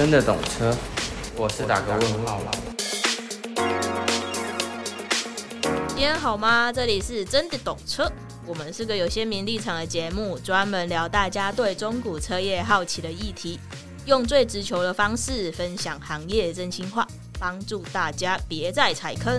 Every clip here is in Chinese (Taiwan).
真的懂車，我是大哥問號。老今天好嗎？這裡是真的懂車，我們是個有鮮明立場的節目，專門聊大家對中古車業好奇的議題，用最直球的方式分享行業真心話，幫助大家別再踩坑。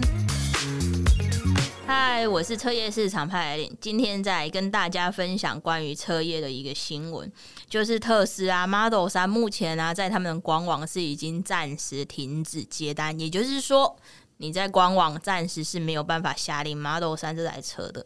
嗨，我是車業市場派來。今天再跟大家分享關於車業的一個新聞，就是特斯拉 Model 3目前呢、啊、在他們的官網是已經暫時停止接單，也就是說你在官網暫時是沒有辦法下訂 Model 3這台車的。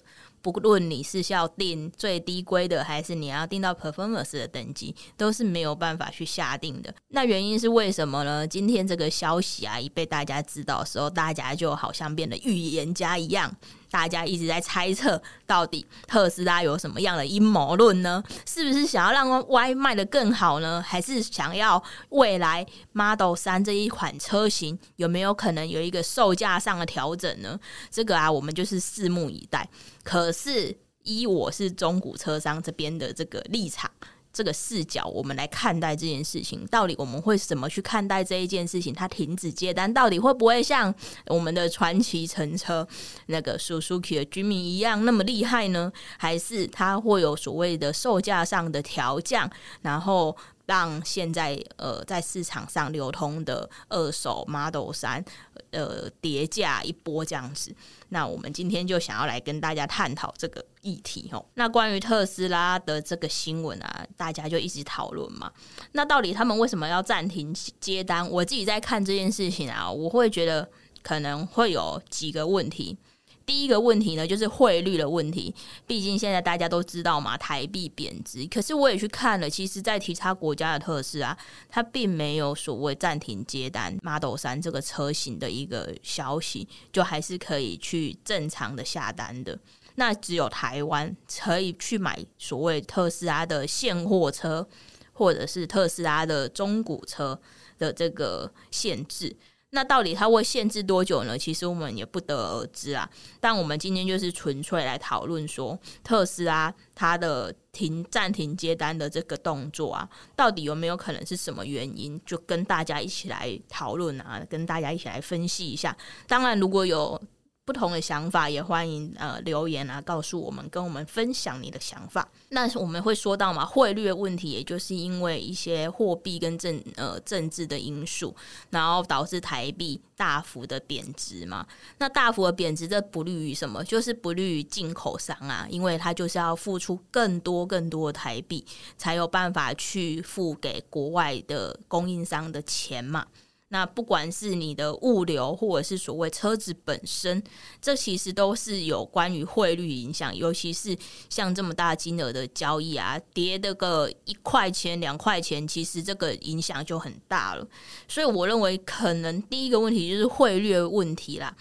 不論你是要定最低規的，還是你要定到 performance 的等級，都是沒有辦法去下定的。那原因是為什麼呢？今天這個消息啊，一被大家知道的時候，大家就好像變得預言家一樣。大家一直在猜測，到底特斯拉有什麼樣的陰謀論呢？是不是想要讓 Y 賣得更好呢？還是想要未來 Model 3這一款車型有沒有可能有一個售價上的調整呢？這個啊，我們就是拭目以待。可是，依我是中古車商這邊的這個立場，這個視角，我們來看待這件事情，到底我們會怎麼去看待這一件事情？它停止接單，到底會不會像我們的傳奇乘車那個 Suki 的居民一樣那麼厲害呢？還是它會有所謂的售價上的調降？然後。讓現在呃在市場上流通的二手 Model 3呃跌價一波這樣子，那我們今天就想要來跟大家探討這個議題哦。那關於特斯拉的這個新聞啊，大家就一直討論嘛。那到底他們為什麼要暫停接單？我自己在看這件事情啊，我會覺得可能會有幾個問題。第一個問題呢，就是匯率的問題。畢竟現在大家都知道嘛，台幣貶值。可是我也去看了，其實在其他國家的特斯拉，它並沒有所謂暫停接單 Model 3這個車型的一個消息，就還是可以去正常的下單的。那只有台灣可以去買所謂特斯拉的現貨車，或者是特斯拉的中古車的這個限制。那到底它會限制多久呢？其實我們也不得而知啊。但我們今天就是純粹來討論說，特斯拉它的停、暫停接單的這個動作啊，到底有沒有可能是什麼原因？就跟大家一起來討論啊，跟大家一起來分析一下。當然，如果有。不同的想法也歡迎呃留言啊，告訴我們，跟我們分享你的想法。那我們會說到嘛，匯率的問題，也就是因為一些貨幣跟政呃政治的因素，然後導致台幣大幅的貶值嘛。那大幅的貶值，這不利於什麼？就是不利於進口商啊，因為他就是要付出更多更多的台幣，才有辦法去付給國外的供應商的錢嘛。那不管是你的物流，或者是所謂車子本身，這其實都是有關於匯率影響。尤其是像這麼大金額的交易啊，跌的個一塊錢、兩塊錢，其實這個影響就很大了。所以我認為，可能第一個問題就是匯率問題啦。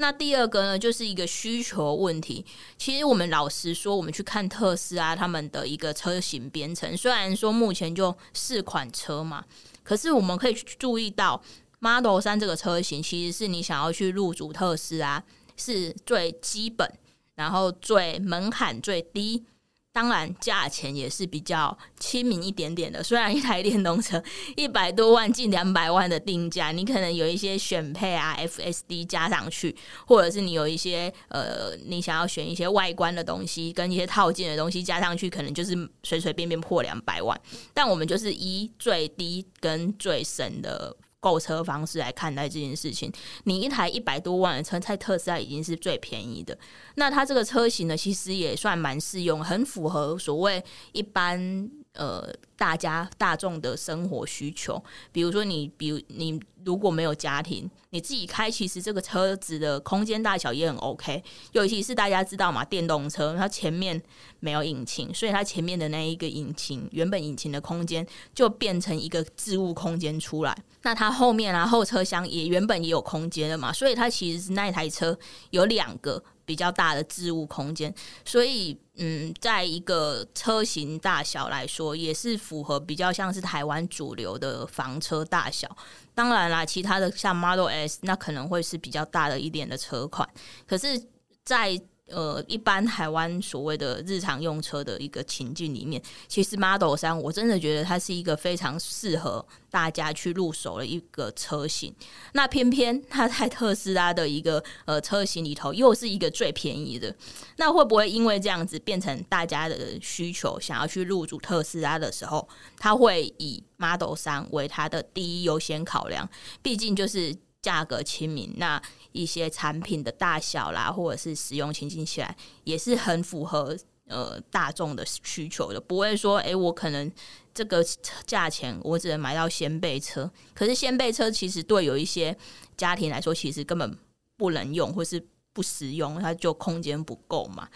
那第二個呢，就是一個需求問題。其實我們老實說，我們去看特斯拉他們的一個車型編程，雖然說目前就四款車嘛，可是我們可以去注意到 Model 3這個車型，其實是你想要去入主特斯拉是最基本，然後最門檻最低。當然，價錢也是比較親民一點點的。雖然一台電動車一百多萬、近兩百萬的定價，你可能有一些選配啊、FSD 加上去，或者是你有一些呃，你想要選一些外觀的東西跟一些套件的東西加上去，可能就是隨隨便便破兩百萬。但我們就是以最低跟最省的。購車方式來看待這件事情，你一台一百多萬的車在特斯拉已經是最便宜的，那它這個車型呢，其實也算蠻適用，很符合所謂一般。呃，大家大眾的生活需求，比如說你，比如你如果沒有家庭，你自己開，其實這個車子的空間大小也很 OK。尤其是大家知道嘛，電動車它前面沒有引擎，所以它前面的那一個引擎原本引擎的空間就變成一個置物空間出來。那它後面啊後車廂也原本也有空間的嘛，所以它其實是那台車有兩個。比較大的置物空間，所以嗯，在一個車型大小來說，也是符合比較像是台灣主流的房車大小。當然啦，其他的像 Model S，那可能會是比較大的一點的車款。可是，在呃，一般台灣所謂的日常用車的一個情境裡面，其實 Model 3我真的覺得它是一個非常適合大家去入手的一個車型。那偏偏它在特斯拉的一個呃車型裡頭，又是一個最便宜的。那會不會因為這樣子，變成大家的需求想要去入主特斯拉的時候，它會以 Model 3為它的第一優先考量？畢竟就是。價格親民，那一些產品的大小啦，或者是使用情景起來，也是很符合呃大眾的需求的。不會說，誒、欸，我可能這個價錢我只能買到掀背車，可是掀背車其實對有一些家庭來說，其實根本不能用，或是不實用，它就空間不夠嘛。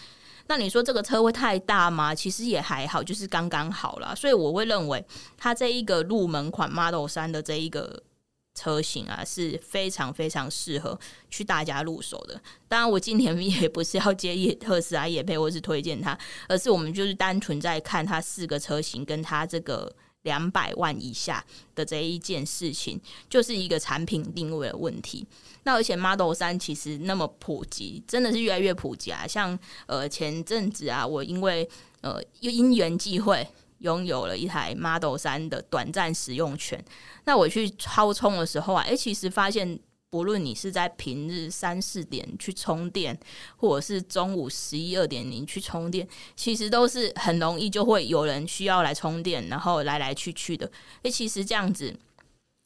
那你說這個車會太大嗎？其實也還好，就是剛剛好啦。所以我會認為它這一個入門款 Model 三的這一個。車型啊，是非常非常適合去大家入手的。當然，我今天也不是要接特斯拉業配，或是推薦它，而是我們就是單純在看它四個車型跟它這個兩百萬以下的這一件事情，就是一個產品定位的問題。那而且 Model 三其實那麼普及，真的是越來越普及啊。像呃前陣子啊，我因為呃因因緣際會。擁有了一台 Model 3的短暫使用權，那我去超充的時候啊，哎、欸，其實發現不論你是在平日三四點去充電，或者是中午十一二點零去充電，其實都是很容易就會有人需要來充電，然後來來去去的。哎、欸，其實這樣子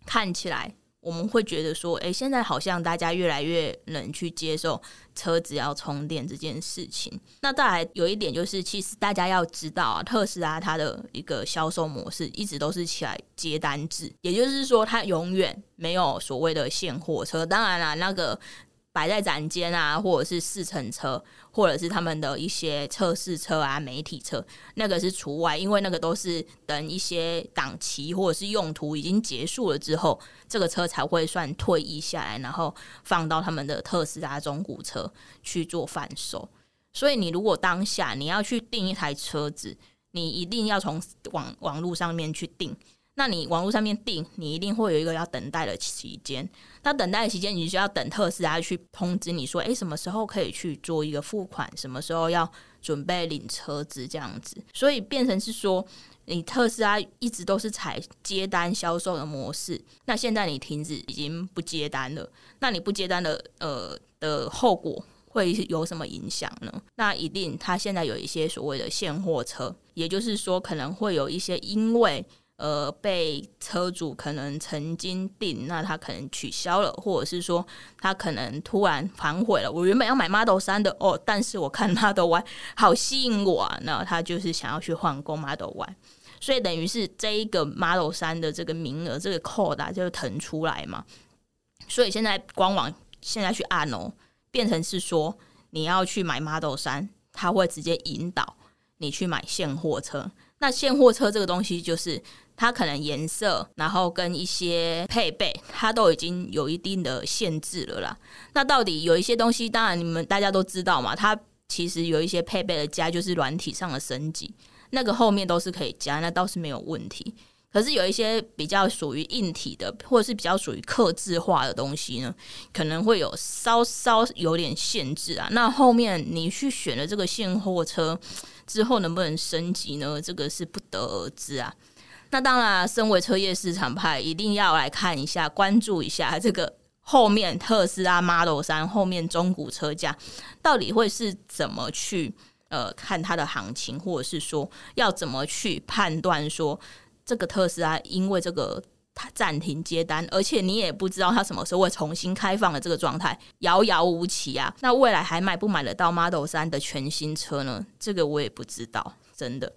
看起來。我們會覺得說，誒、欸，現在好像大家越來越能去接受車子要充電這件事情。那再來有一點就是，其實大家要知道啊，特斯拉它的一個銷售模式一直都是起來接單制，也就是說，它永遠沒有所謂的現貨車。當然啦、啊，那個。擺在展間啊，或者是試乘車，或者是他們的一些測試車啊，媒體車，那個是除外，因為那個都是等一些檔期或者是用途已經結束了之後，這個車才會算退役下來，然後放到他們的特斯拉中古車去做販售。所以你如果當下你要去訂一台車子，你一定要從網網路上面去訂。那你網絡上面訂，你一定會有一個要等待的期間。那等待的期間，你需要等特斯拉去通知你說，誒、欸，什麼時候可以去做一個付款？什麼時候要準備領車子這樣子。所以變成是說，你特斯拉一直都是採接單銷售的模式。那現在你停止，已經不接單了。那你不接單的，呃的後果會有什麼影響呢？那一定，它現在有一些所謂的現貨車，也就是說，可能會有一些因為。呃，被車主可能曾經定，那他可能取消了，或者是說他可能突然反悔了。我原本要買 Model 三的哦，但是我看 Model Y 好吸引我，啊，那他就是想要去換購 Model Y，所以等於是這一個 Model 三的這個名額，這個扣打，啊、就騰出來嘛。所以現在官網現在去按哦，變成是說你要去買 Model 三，他會直接引導你去買現貨車。那現貨車這個東西就是。它可能顏色，然後跟一些配備，它都已經有一定的限制了啦。那到底有一些東西，當然你們大家都知道嘛，它其實有一些配備的加就是軟體上的升級，那個後面都是可以加，那倒是沒有問題。可是有一些比較屬於硬體的，或者是比較屬於客製化的東西呢，可能會有稍稍有點限制啊。那後面你去選了這個現貨車之後，能不能升級呢？這個是不得而知啊。那當然啊，身為車業市場派，一定要來看一下，關注一下這個後面特斯拉 Model 三後面中古車價到底會是怎麼去呃看它的行情，或者是說要怎麼去判斷說這個特斯拉，因為這個它暫停接單，而且你也不知道它什麼時候會重新開放的這個狀態，遙遙無期啊！那未來還買不買得到 Model 三的全新車呢？這個我也不知道，真的。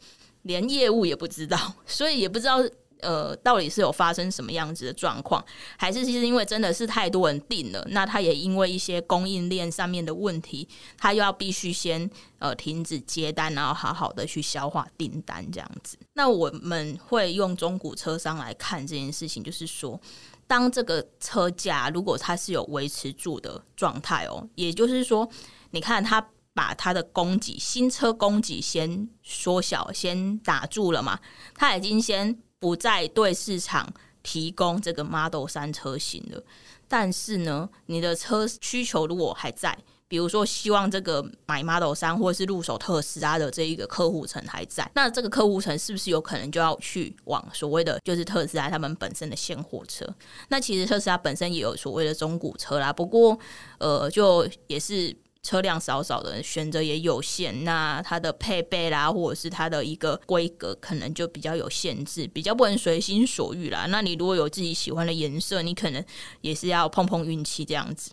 連業務也不知道，所以也不知道呃，到底是有發生什麼樣子的狀況，還是其實因為真的是太多人訂了，那他也因為一些供應鏈上面的問題，他又要必須先呃停止接單，然後好好的去消化訂單這樣子。那我們會用中古車商來看這件事情，就是說，當這個車價如果它是有維持住的狀態哦，也就是說，你看它。把它的供給，新車供給先縮小，先打住了嘛，他已經先不再對市場提供這個 Model 3車型了。但是呢，你的車需求如果還在，比如說希望這個買 Model 3或是入手特斯拉的這一個客戶層還在，那這個客戶層是不是有可能就要去往所謂的就是特斯拉他們本身的現貨車？那其實特斯拉本身也有所謂的中古車啦。不過，呃，就也是。車輛少少的選擇也有限，那它的配備啦，或者是它的一個規格，可能就比較有限制，比較不能隨心所欲啦。那你如果有自己喜歡的顏色，你可能也是要碰碰運氣這樣子。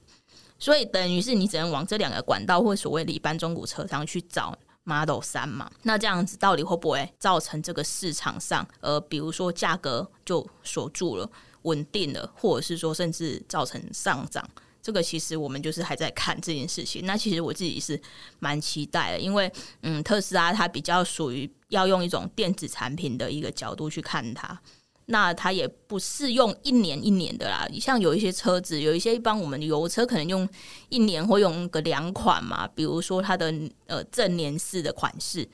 所以等於是你只能往這兩個管道，或所謂的一般中古車商去找 Model 3嘛。那這樣子到底會不會造成這個市場上，呃，比如說價格就鎖住了、穩定了，或者是說甚至造成上漲？這個其實我們就是還在看這件事情。那其實我自己是蠻期待的，因為嗯，特斯拉它比較屬於要用一種電子產品的一個角度去看它。那它也不是用一年一年的啦。像有一些車子，有一些一般我們的油車，可能用一年或用個兩款嘛。比如說它的呃正年式的款式，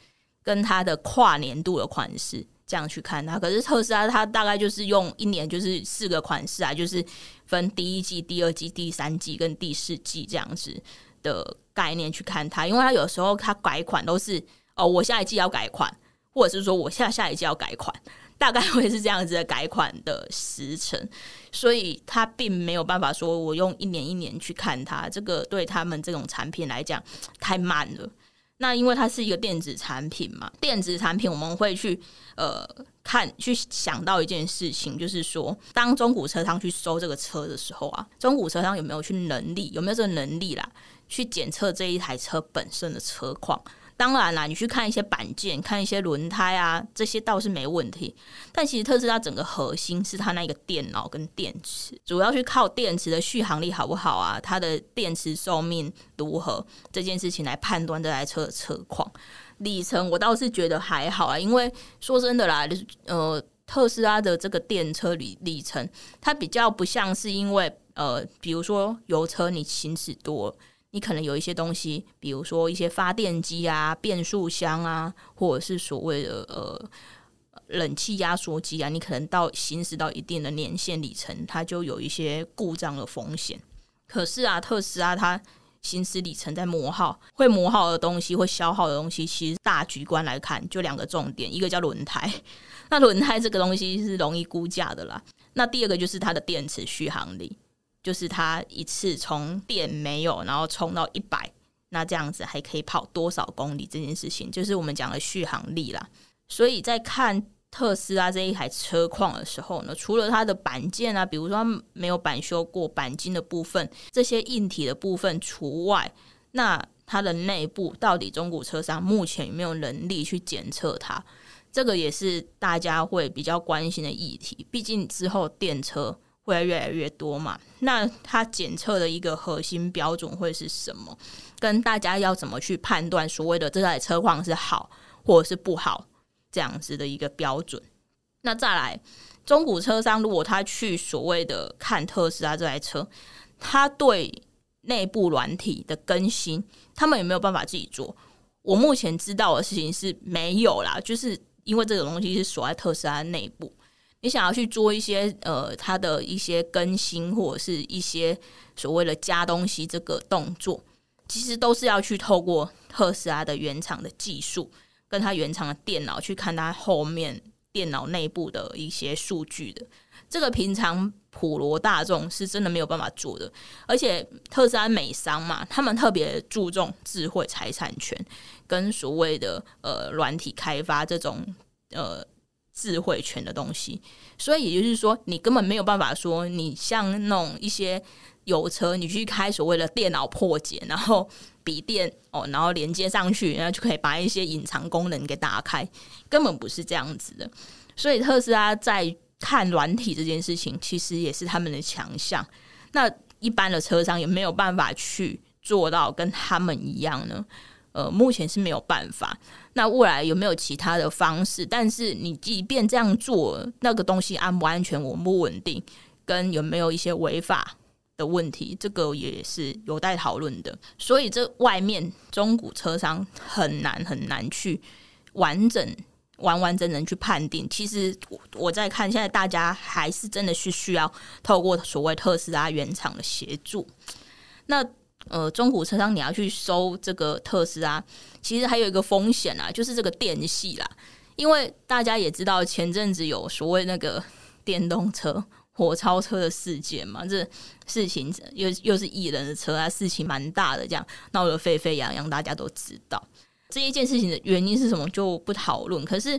跟它的跨年度的款式。這樣去看它，可是特斯拉它大概就是用一年就是四個款式啊，就是分第一季、第二季、第三季跟第四季這樣子的概念去看它，因為它有時候它改款都是哦，我下一季要改款，或者是說我下下一季要改款，大概會是這樣子的改款的時程。所以它並沒有辦法說我用一年一年去看它，這個對他們這種產品來講太慢了。那因為它是一個電子產品嘛，電子產品我們會去呃看，去想到一件事情，就是說，當中古車商去收這個車的時候啊，中古車商有沒有去能力，有沒有這個能力啦，去檢測這一台車本身的車況。當然啦、啊，你去看一些板件、看一些輪胎啊，這些倒是沒問題。但其實特斯拉整個核心是它那個電腦跟電池，主要去靠電池的續航力好不好啊？它的電池壽命如何，這件事情來判斷這台車的車況。里程，我倒是覺得還好啊。因為說真的啦，呃，特斯拉的這個電車里里程，它比較不像是因為呃，比如說油車你行駛多。你可能有一些東西，比如說一些發電機啊、變速箱啊，或者是所謂的呃冷氣壓縮機啊，你可能到行駛到一定的年限里程，它就有一些故障的風險。可是啊，特斯拉它行駛里程在磨耗，會磨耗的東西，會消耗的東西，其實大局觀來看，就兩個重點，一個叫輪胎，那輪胎這個東西是容易估價的啦。那第二個就是它的電池續航力。就是它一次充電沒有，然後充到一百，那這樣子還可以跑多少公里？這件事情就是我們講的續航力啦。所以在看特斯拉這一台車況的時候呢，除了它的板件啊，比如說它沒有板修過、鈑金的部分，這些硬體的部分除外，那它的內部到底中古車商目前有沒有能力去檢測它？這個也是大家會比較關心的議題。畢竟之後電車。會越來越多嘛？那它檢測的一個核心標準會是什麼？跟大家要怎麼去判斷所謂的這台車況是好或者是不好，這樣子的一個標準？那再來，中古車商如果他去所謂的看特斯拉這台車，他對內部軟體的更新，他們有沒有辦法自己做？我目前知道的事情是沒有啦，就是因為這種東西是鎖在特斯拉內部，你想要去做一些呃，它的一些更新，或者是一些所謂的加東西，這個動作其實都是要去透過特斯拉的原廠的技術，跟他原廠的電腦去看它後面電腦內部的一些數據的。這個平常普羅大眾是真的沒有辦法做的，而且特斯拉美商嘛，他們特別注重智慧財產權跟所謂的呃，軟體開發這種呃。智慧權的東西，所以也就是說，你根本沒有辦法說，你像那種一些油車，你去開所謂的電腦破解，然後筆電哦，然後連接上去，然後就可以把一些隱藏功能給打開，根本不是這樣子的。所以特斯拉在看軟體這件事情，其實也是他們的強項。那一般的車商也沒有辦法去做到跟他們一樣呢。呃，目前是沒有辦法。那未來有沒有其他的方式？但是你即便這樣做，那個東西安不安全、穩不穩定，跟有沒有一些違法的問題，這個也是有待討論的。所以這外面中古車商很難很難去完整完完整整去判定。其實我在看，現在大家還是真的是需要透過所謂特斯拉原廠的協助。那。呃，中古車商你要去收這個特斯拉，其實還有一個風險啊，就是這個電系啦，因為大家也知道前陣子有所謂那個電動車火燒車的事件嘛，這事情又又是藝人的車啊，事情蠻大的，這樣鬧得沸沸揚揚，大家都知道這一件事情的原因是什麼就不討論，可是。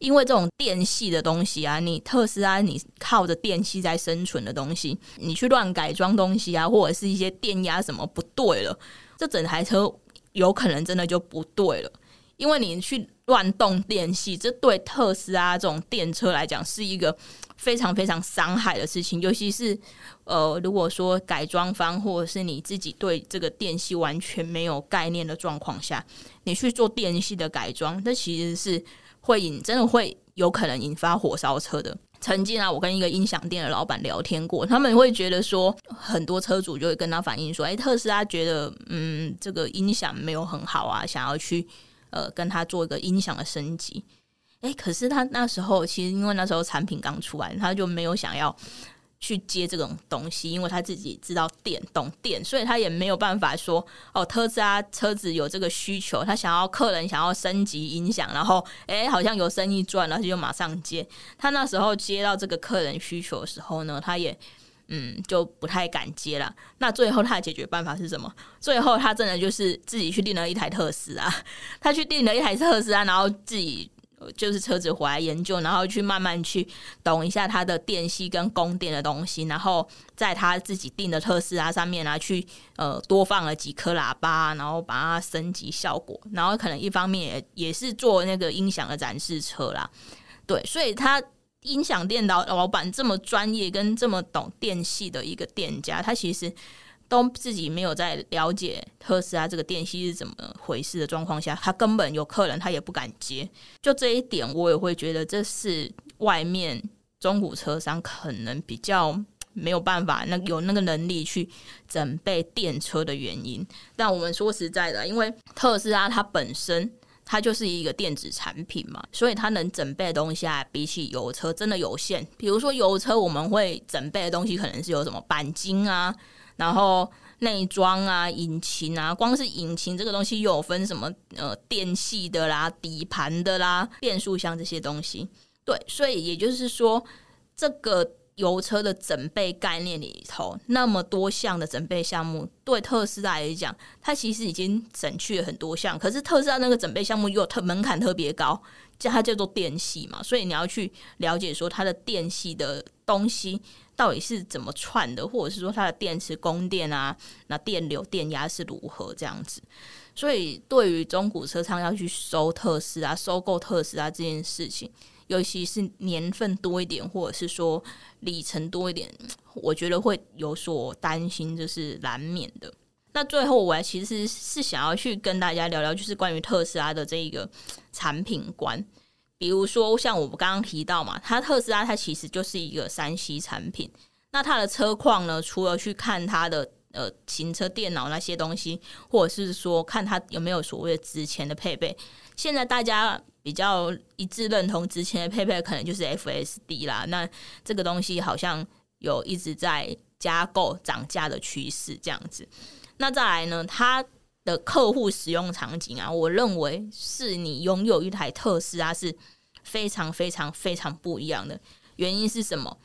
因為這種電系的東西啊，你特斯拉你靠着電器在生存的東西，你去亂改裝東西啊，或者是一些電壓什麼不對了，這整台車有可能真的就不對了。因為你去亂動電器，這對特斯拉這種電車來講是一個非常非常傷害的事情。尤其是呃，如果說改裝方或者是你自己對這個電器完全沒有概念的狀況下，你去做電系的改裝，那其實是。會引真的會有可能引發火燒車的。曾經啊，我跟一個音響店的老板聊天過，他們會覺得說，很多車主就會跟他反映說，哎、欸，特斯拉覺得嗯這個音響沒有很好啊，想要去呃跟他做一個音響的升級。哎、欸，可是他那時候其實因為那時候產品剛出來，他就沒有想要。去接這種東西，因為他自己知道電，懂電，所以他也沒有辦法說哦，特斯拉車子有這個需求，他想要客人想要升級音響，然後欸，好像有生意賺，然後就馬上接。他那時候接到這個客人需求的時候呢，他也嗯，就不太敢接了。那最後他的解決辦法是什麼？最後他真的就是自己去訂了一台特斯拉，他去訂了一台特斯拉，然後自己。就是車子回來，研究，然後去慢慢去懂一下他的電系跟供電的東西，然後在他自己定的特斯拉上面啊，去呃多放了幾顆喇叭，然後把它升級效果，然後可能一方面也也是做那個音響的展示車啦，對，所以他音響店老老闆這麼專業跟這麼懂電系的一個店家，他其實。都自己沒有在了解特斯拉這個電系是怎麼回事的狀況下，他根本有客人他也不敢接。就這一點，我也會覺得這是外面中古車商可能比較沒有辦法，那有那個能力去整備電車的原因。但我們說實在的，因為特斯拉它本身它就是一個電子產品嘛，所以它能整備的東西啊，比起油車真的有限。比如說油車，我們會整備的東西可能是有什麼鈑金啊。然後內裝啊，引擎啊，光是引擎這個東西又有分什麼呃電系的啦、底盤的啦、變速箱這些東西。對，所以也就是說，這個油車的整備概念裡頭，那麼多項的整備項目，對特斯拉來講，它其實已經省去了很多項。可是特斯拉那個整備項目又特門檻特別高，叫它叫做電系嘛，所以你要去了解說它的電系的東西。到底是怎麼串的，或者是說它的電池供電啊，那電流電壓是如何這樣子？所以，對於中古車商要去收特斯拉、啊、收購特斯拉、啊、這件事情，尤其是年份多一點，或者是說里程多一點，我覺得會有所擔心，就是難免的。那最後，我還其實是，是想要去跟大家聊聊，就是關於特斯拉的這一個產品觀。比如說像我們剛剛提到嘛，它特斯拉它其實就是一個三 C 產品。那它的車況呢，除了去看它的呃行車電腦那些東西，或者是說看它有沒有所謂的值錢的配備。現在大家比較一致認同值錢的配備，可能就是 FSD 啦。那這個東西好像有一直在加購漲價的趨勢這樣子。那再來呢，它的客戶使用場景啊，我認為是你擁有一台特斯拉是非常非常非常不一樣的。原因是什麼？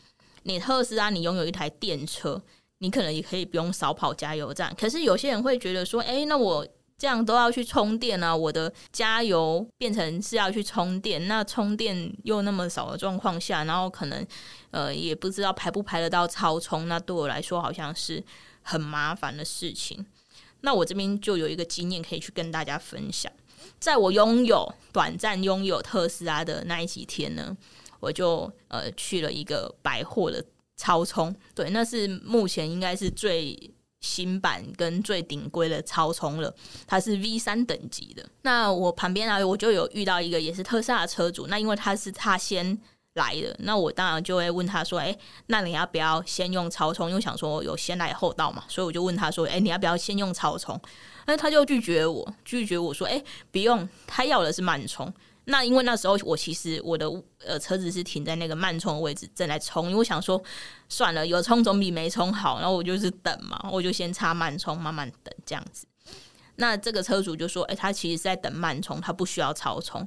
你特斯拉，你擁有一台電車，你可能也可以不用少跑加油站。可是有些人會覺得說，哎、欸，那我這樣都要去充電啊，我的加油變成是要去充電，那充電又那麼少的狀況下，然後可能呃也不知道排不排得到超充，那對我來說好像是很麻煩的事情。那我這邊就有一個經驗可以去跟大家分享，在我擁有短暫擁有特斯拉的那幾天呢，我就呃去了一個百貨的超充，對，那是目前應該是最新版跟最頂規的超充了，它是 V3 等級的。那我旁邊啊，我就有遇到一個也是特斯拉的車主，那因為他是他先。來的，那我當然就會問他說：“欸，那你要不要先用超充？因為我想說有先來後到嘛，所以我就問他說：‘欸，你要不要先用超充？’那他就拒絕我，拒絕我說：‘欸，不用，他要的是慢充。’那因為那時候我其實我的呃車子是停在那個慢充的位置正在充，因為我想說算了，有充總比沒充好，然後我就是等嘛，我就先插慢充慢慢等這樣子。那這個車主就說：‘欸，他其實是在等慢充，他不需要超充。’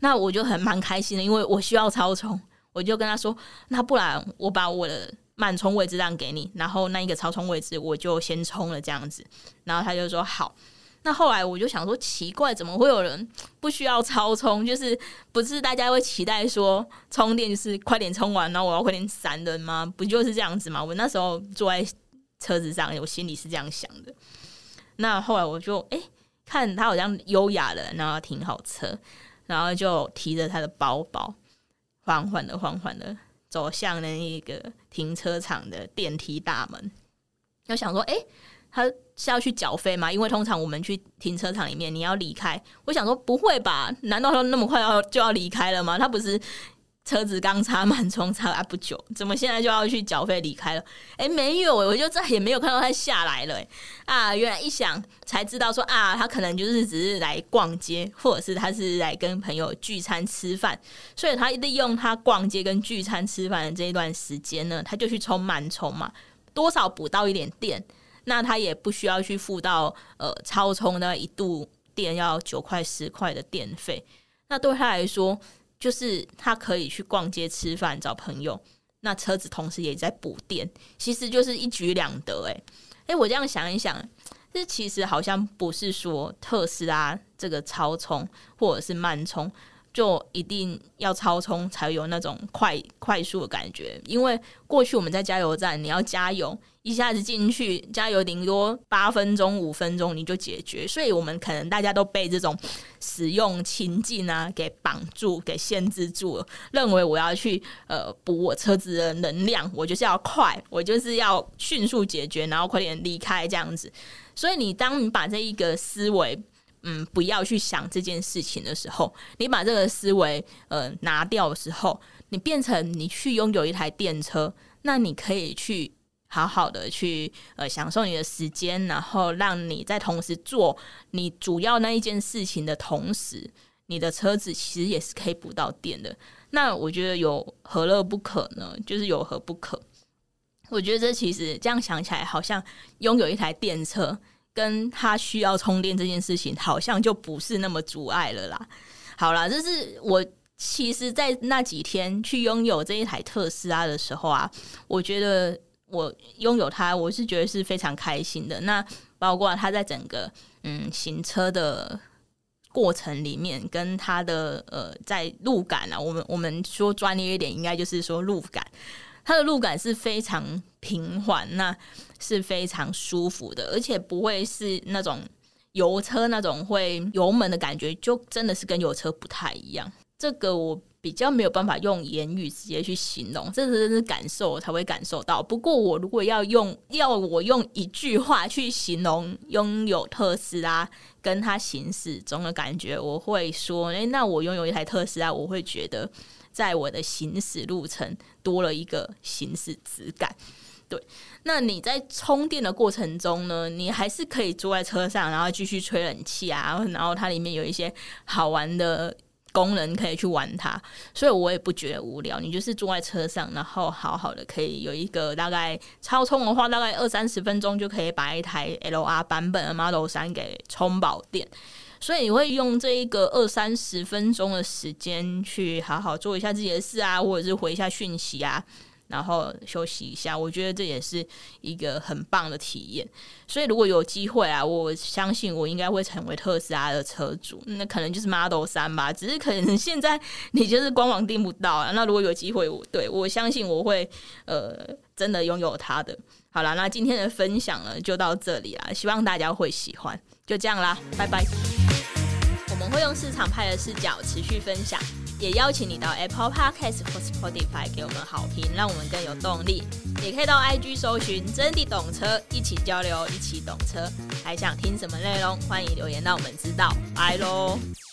那我就很蠻開心的，因為我需要超充。”我就跟他說：“那不然我把我的慢充位置讓給你，然後那一個超充位置我就先充了這樣子。”然後他就說：“好。”那後來我就想說：“奇怪，怎麼會有人不需要超充？就是不是大家會期待說充電就是快點充完，然後我要快點閃人嗎？不就是這樣子嗎？”我那時候坐在車子上，我心裡是這樣想的。那後來我就哎、欸，看他好像優雅的，然後停好車，然後就提着他的包包。緩緩的，緩緩的走向那一個停車場的電梯大門。我想說，哎、欸，他是要去繳費嗎？因為通常我們去停車場裡面，你要離開。我想說，不會吧？難道他那麼快要就要離開了嗎？他不是。車子剛插慢充插不久，怎麼現在就要去繳費離開了？哎、欸，沒有，我就再也沒有看到他下來了、欸。啊，原來一想才知道說啊，他可能就是只是來逛街，或者是他是來跟朋友聚餐吃飯，所以他利用他逛街跟聚餐吃飯的這一段時間呢，他就去充慢充嘛，多少補到一點電，那他也不需要去付到呃超充的一度電要九塊十塊的電費，那對他來說。就是他可以去逛街、吃飯、找朋友，那車子同時也在補電，其實就是一舉兩得、欸。哎，哎，我這樣想一想，這其實好像不是說特斯拉這個超充或者是慢充，就一定要超充才有那種快快速的感覺，因為過去我們在加油站，你要加油。一下子進去加油，頂多八分鐘、五分鐘你就解決，所以我們可能大家都被這種使用情境啊給綁住、給限制住了，認為我要去呃補我車子的能量，我就是要快，我就是要迅速解決，然後快點離開這樣子。所以你當你把這一個思維，嗯，不要去想這件事情的時候，你把這個思維呃拿掉的時候，你變成你去擁有一台電車，那你可以去。好好的去呃享受你的時間，然後讓你在同時做你主要那一件事情的同時，你的車子其實也是可以補到電的。那我覺得有何樂不可呢？就是有何不可？我覺得這其實這樣想起來，好像擁有一台電車，跟他需要充電這件事情，好像就不是那麼阻礙了啦。好啦，這是我其實在那幾天去擁有這一台特斯拉的時候啊，我覺得。我擁有它，我是覺得是非常開心的。那包括它在整個嗯行車的過程裡面，跟它的呃在路感啊，我們我們說專業一點，應該就是說路感，它的路感是非常平緩，那是非常舒服的，而且不會是那種油車那種會油門的感覺，就真的是跟油車不太一樣。這個我比較沒有辦法用言語直接去形容，這個真的是感受我才會感受到。不過我如果要用，要我用一句話去形容擁有特斯拉跟它行駛中的感覺，我會說：欸，那我擁有一台特斯拉，我會覺得在我的行駛路程多了一個行駛質感。對，那你在充電的過程中呢，你還是可以坐在車上，然後繼續吹冷氣啊，然後它裡面有一些好玩的。工人可以去玩它，所以我也不覺得無聊。你就是坐在車上，然後好好的可以有一個大概超充的話，大概二三十分鐘就可以把一台 LR 版本的 Model 3給充飽電。所以你會用這一個二三十分鐘的時間去好好做一下自己的事啊，或者是回一下訊息啊。然後休息一下，我覺得這也是一個很棒的體驗。所以如果有機會啊，我相信我應該會成為特斯拉的車主，那可能就是 Model 3吧。只是可能現在你就是官網訂不到啊。那如果有機會，我對我相信我會呃真的擁有它的。好啦，那今天的分享呢就到這裡啦，希望大家會喜歡，就這樣啦，拜拜。 我們會用市場派的視角持續分享。也邀請你到 Apple Podcast 或 Spotify 給我們好評，讓我們更有動力。也可以到 IG 搜尋“真的懂車”，一起交流，一起懂車。還想聽什麼內容？歡迎留言讓我們知道。拜嘍！